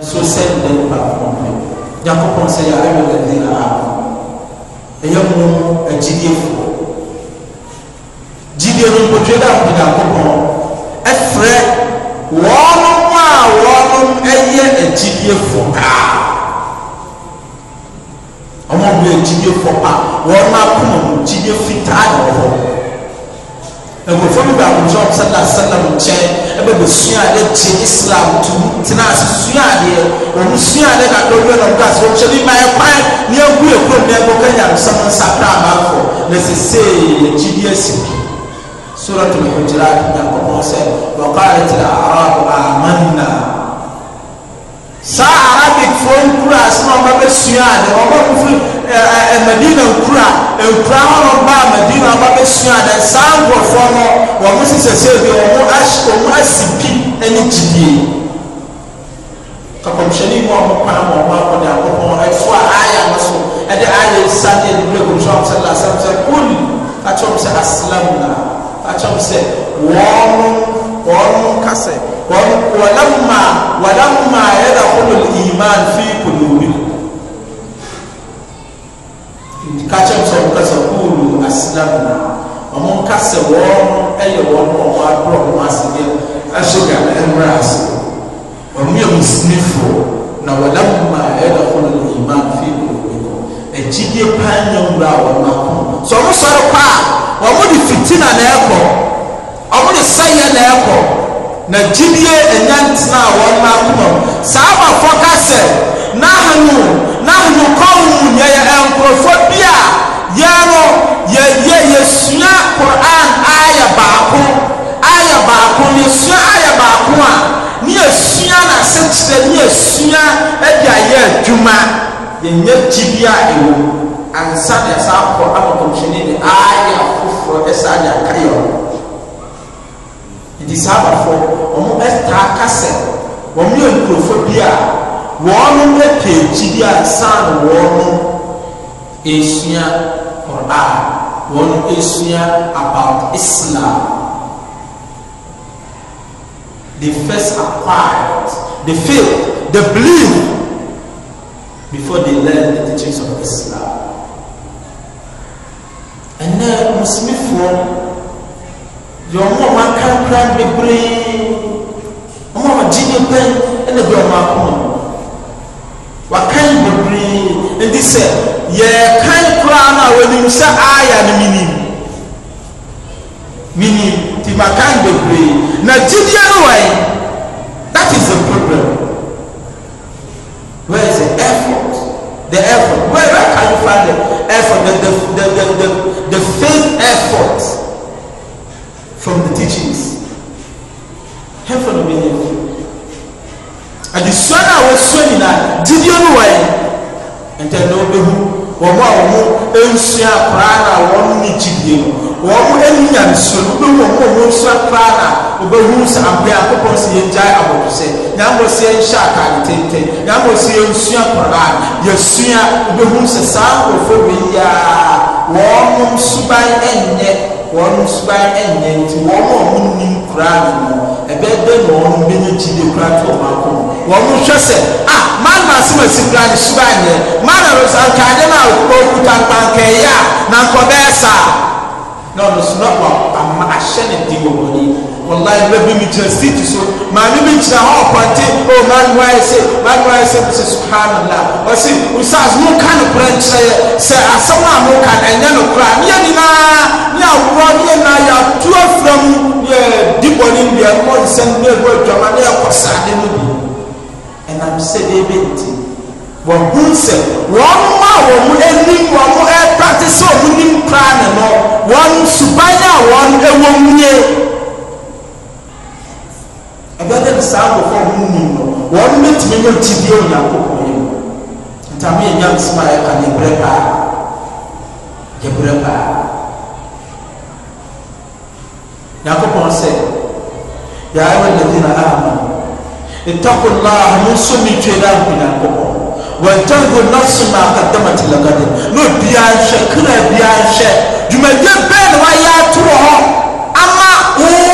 nso sɛ ndɛ nipa kɔnkɔn nyakopɔn sɛ yɛ ayɔ lɛde na ako ɛyɛ mu agyidiefoɔ gyidie no mpotwe da mpi nyakopɔn ɛfrɛ wɔnom a wɔnom ɛyɛ agyidiefoɔ paa wɔn mu yɛ agyidiefoɔ a wɔn akoma nkurɔfoɔ no bɛ akɔntɔn sɛda sɛda no nkyɛn ɛbɛ bɛ sua ade gye islam tum tena ase sua adeɛ wɔn sua ade na dɔn yɛ na ɔmo kasa wɔn kyɛ ne ma yɛ kwan ne egu yɛ kurom na ɛbɔ kanya no sɛm nsa kra abaafo na sese yɛ gyidi esi sora madina nkura nkura hɔnom baa madina ɔba bɛsua dɛ saa nkurɔfoɔ no wɔn mo sisɛsɛ bi wɔn ahyɛ wɔn asi pi ɛne gyidie kakɔmhyɛni mu a wɔn kwan mu a wɔn akɔda akɔkɔ ɛfo a aya no so ɛde aya esa ne ɛde bi ɛkɔm so a wɔn sɛ lasɛm sɛ kun akyɛ wɔn sɛ asilam na akyɛ wɔn sɛ wɔn wɔn kasɛ wɔn wɔlɛmma wɔlɛmma yɛ dɛ kɔlɔ iman fi kulu. kakyɛ sɛ ɔmo kasa kuulu asilamu na ɔmo nkasa wɔn ɛyɛ wɔn a ɔmo agorɔ ɔmo ase deɛ ahyɛ gana ɛmmerɛ ase ɔmo yɛ muslimfo na wɔlamma ɛyɛ kɔnɔ no iman fi kuulu kɔ agyidie paa nyɛ nwura a wɔn akɔ sɛ ɔmo sɔre kɔ a ɔmo de fitina na ɛkɔ ɔmo de sɛyɛ na ɛkɔ na gyidie ɛnya ntena a wɔn akɔ saa abafo kasɛ nahanu nahanu kɔn mu yɛ yɛ nkurɔfoɔ sua Quran aya baako aya baako ne sua aya baako a ne esua na asekyerɛ ne esua ɛde ayɛ adwuma yɛnyɛ gyibea ɛwɔ ansa de asa akɔ ama kɔmhyɛnni de aya foforɔ ɛsa de aka yɛ ɔmo nti saa abafoɔ ɔmo ɛtaa kasɛ wɔn yɛ nkurɔfoɔ bi a wɔn ɛpɛ gyibea nsa na wɔn esua Quran wɔn esua about islam The first acquired the faith the belief before they learn the teachings of islam And ɛnɛ musumifoɔ deɛ ɔmo a wɔakankra bebree ɔmo a wɔgye ne pɛn ɛna bi ɔmo akoma wakan bebree ɛdi sɛ yɛɛ kan kora wɔnim sɛ aya no menim menim nti makan bebree na gyidie no wɔe that is the problem where is the effort the effort where, where can you find the effort the, the, the, the, the, the faith effort from the teachings hɛfɔ no bi yɛ adesua no a wɔsua nyinaa gyidie no wɔe ɛntɛ na wɔbɛhu wɔn a wɔn nsua koraa na wɔn ne gyidie mu wɔn ani nyansuo no bi wɔn a wɔn nsua koraa na wɔbɛhu sɛ abea akokɔ sɛ yɛngyae abɔdosɛ nyambo sɛ yɛnhyɛ ataade tenten nyambo sɛ yɛnsua koraa yɛsua wɔbɛhu sɛ saa nkurɔfoɔ bi yaa wɔn nso ba ɛnyɛ nti wɔn a wɔn ni koraa ne mu ɛbɛɛ bɛ na wɔn bɛnya gyi de koraa to wɔn akɔ mu wɔn hwɛ sɛ a maa na ase ma si koraa ne suba nyɛ maa na rosa nkaade na okuta nkankan yi a na nkɔ bɛɛ saa na ɔno so na wɔn ama ahyɛ ne di wɔ wɔn wallahi bɛbi mi gyina seat so maame bi gyina hɔ ɔpɔnte o maame wa ayɛ sɛ maame wa ayɛ sɛ sɛ subhanallah ɔsi nsaas mo ka no kora nkyerɛ yɛ sɛ asɛm a mo ka no ɛnyɛ no kora ne yɛ nyinaa ne aworɔ ne yɛ nyinaa yɛ ato afura mu yɛ di bɔne nnua no mo nsɛm ne ɛgu adwama ne yɛ kɔ saade no bi ɛnam sɛ deebe nti wɔn ho nsɛm wɔn a wɔn anim wɔn ɛɛpate sɛ wɔn ni saa nkɔfo ho mu nim no wɔn bɛtumi nyɛ gyidie onyankopɔn yi mu ntama yɛ nyansom a yɛka ne brɛ paa yɛ brɛ paa nyankopɔn sɛ yaa ɛwɔ nadina ama اتقوا الله من سمي جلال من القبور وانتظروا نفس ما قدمت لغد نو بيان شكرا بيان شك جمع جبال ويا تروح اما هو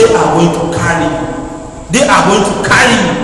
t r d tr